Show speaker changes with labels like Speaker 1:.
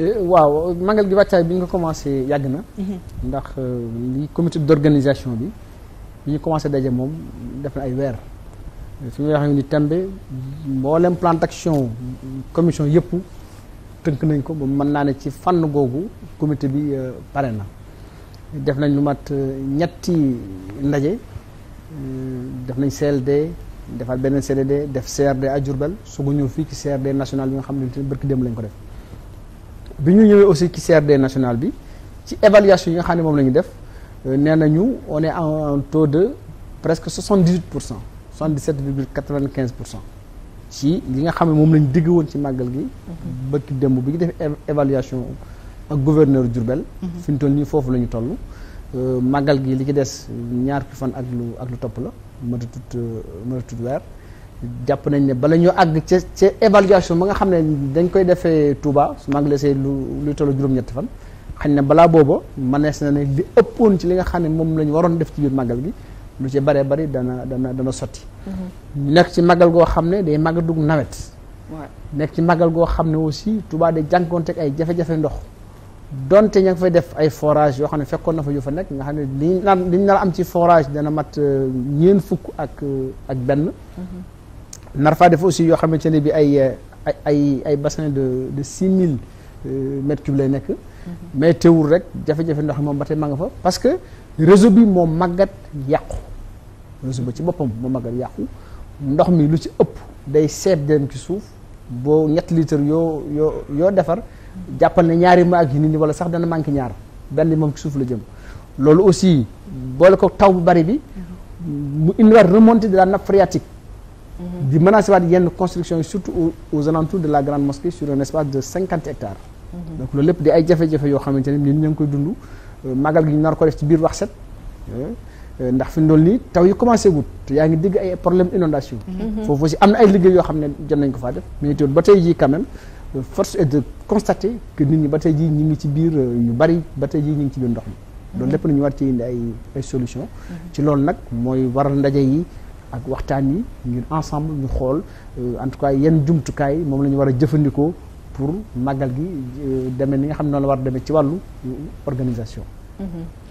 Speaker 1: Eh, waaw magal gi wàccaay bi ñu ko commencé yàgg na. Mhm. ndax euh, li commité d'organisation bi bi ñu commencé daje moom def na ay weer. fi may waxee ni tembe mboolem plan d'action commission yëpp tënk nañ ko ba mën naa ne ci fànn googu commité bi euh, pare na. def nañ lu mat euh, ñetti ndaje def nañ CLD defaat beneen CDD def CRD à Diourbel su ko ñëw fii ci CRD national bi nga xam ne barki dem lañ ko def. bi ñu ñëwee aussi ci CRD national bi ci évaluation yi nga xam ne moom lañu def euh, nee nañu on est en taux de presque 78 pour cent 77 virgule 95 pour cent ci li nga xam ne moom la ñu digg woon ci màggal gi. bëkki démb bi ñu def évaluation ak gouverneur Diourbel. Mhm. fi ñu toll nii foofu la ñu toll. Euh, màggal gi li ci des ñaar fan ak lu ak lu topp la mënatut euh, mënatut weer. jàpp nañ ne bala ñoo àgg ca ca évaluation ba nga xam ne dañ koy defee Touba su ma see lu lu tollu juróom-ñetti fan xañ ne balaa booba mënees na ne li ëppoon ci li nga xam ne moom lañu waroon def ci biir màggal gi lu ci bare bari dana dana dana sotti. Mm-hmm. nekk ci magal goo xam ne day màgg dugg nawet. nekk ci màggal goo xam ne aussi tubaa de day jànkoonteeg ay jafe-jafe ndox. donte ña ngi fay def ay forage yoo xam ne fekkoon na fa yu fa nekk nga xam ne li ñu naan li ñu am ci forage dana mat euh, ñeen fukk ak euh, ak benn. Mm-hmm. nar def aussi yoo xamante ne bi ay ay ay bassin de de six mille euh, mètres cubes lay nekk. Mhm. mais teewul rek jafe-jafe ndox moom ba tey ma nga fa parce que réseau bi moo màggat yàqu. réseau ba ci boppam moo màggat yàqu ndox mi lu ci ëpp day seet dem ci suuf boo ñetti litre yoo yoo yoo defar jàppal ne ñaari maag yi nit ñi wala sax dana manqué ñaar benn moom ci suuf la jëm. loolu aussi boole ko taw bu bari bi mhm. mu indiwaat remontée de la nappe di menacer waat yenn construction yi surtout aux, aux alentours de la grande mosquée sur un espace de cinquante hectares mhm. donc loolu lépp di ay jafe-jafe yoo xamante ne ñun ñu ngi koy dund euh, magal gi ñu nar ko def ci biir wax set euh, ndax fi mu nii taw yi commencé wut te yaa ngi dégg ay problème inondation mhm. foofu aussi am na ay liggéey yoo xam ne jot nañ ko faa def mais teewul ba jii quand euh, force est de constater que nit ñi ba tey jii ñu ngi ci biir ñu bari ba tey jii ñu ngi ci biir ndox mi. loolu lépp nañu war ci indi ay ak waxtaan yi ngir ensemble ñu xool euh, en tout cas yenn jumtukaay moom la ñu war a jëfandikoo pour màggal gi euh, demee ni nga xam ne noonu la war a demee ci wàllu euh, organisation. Mm-hmm.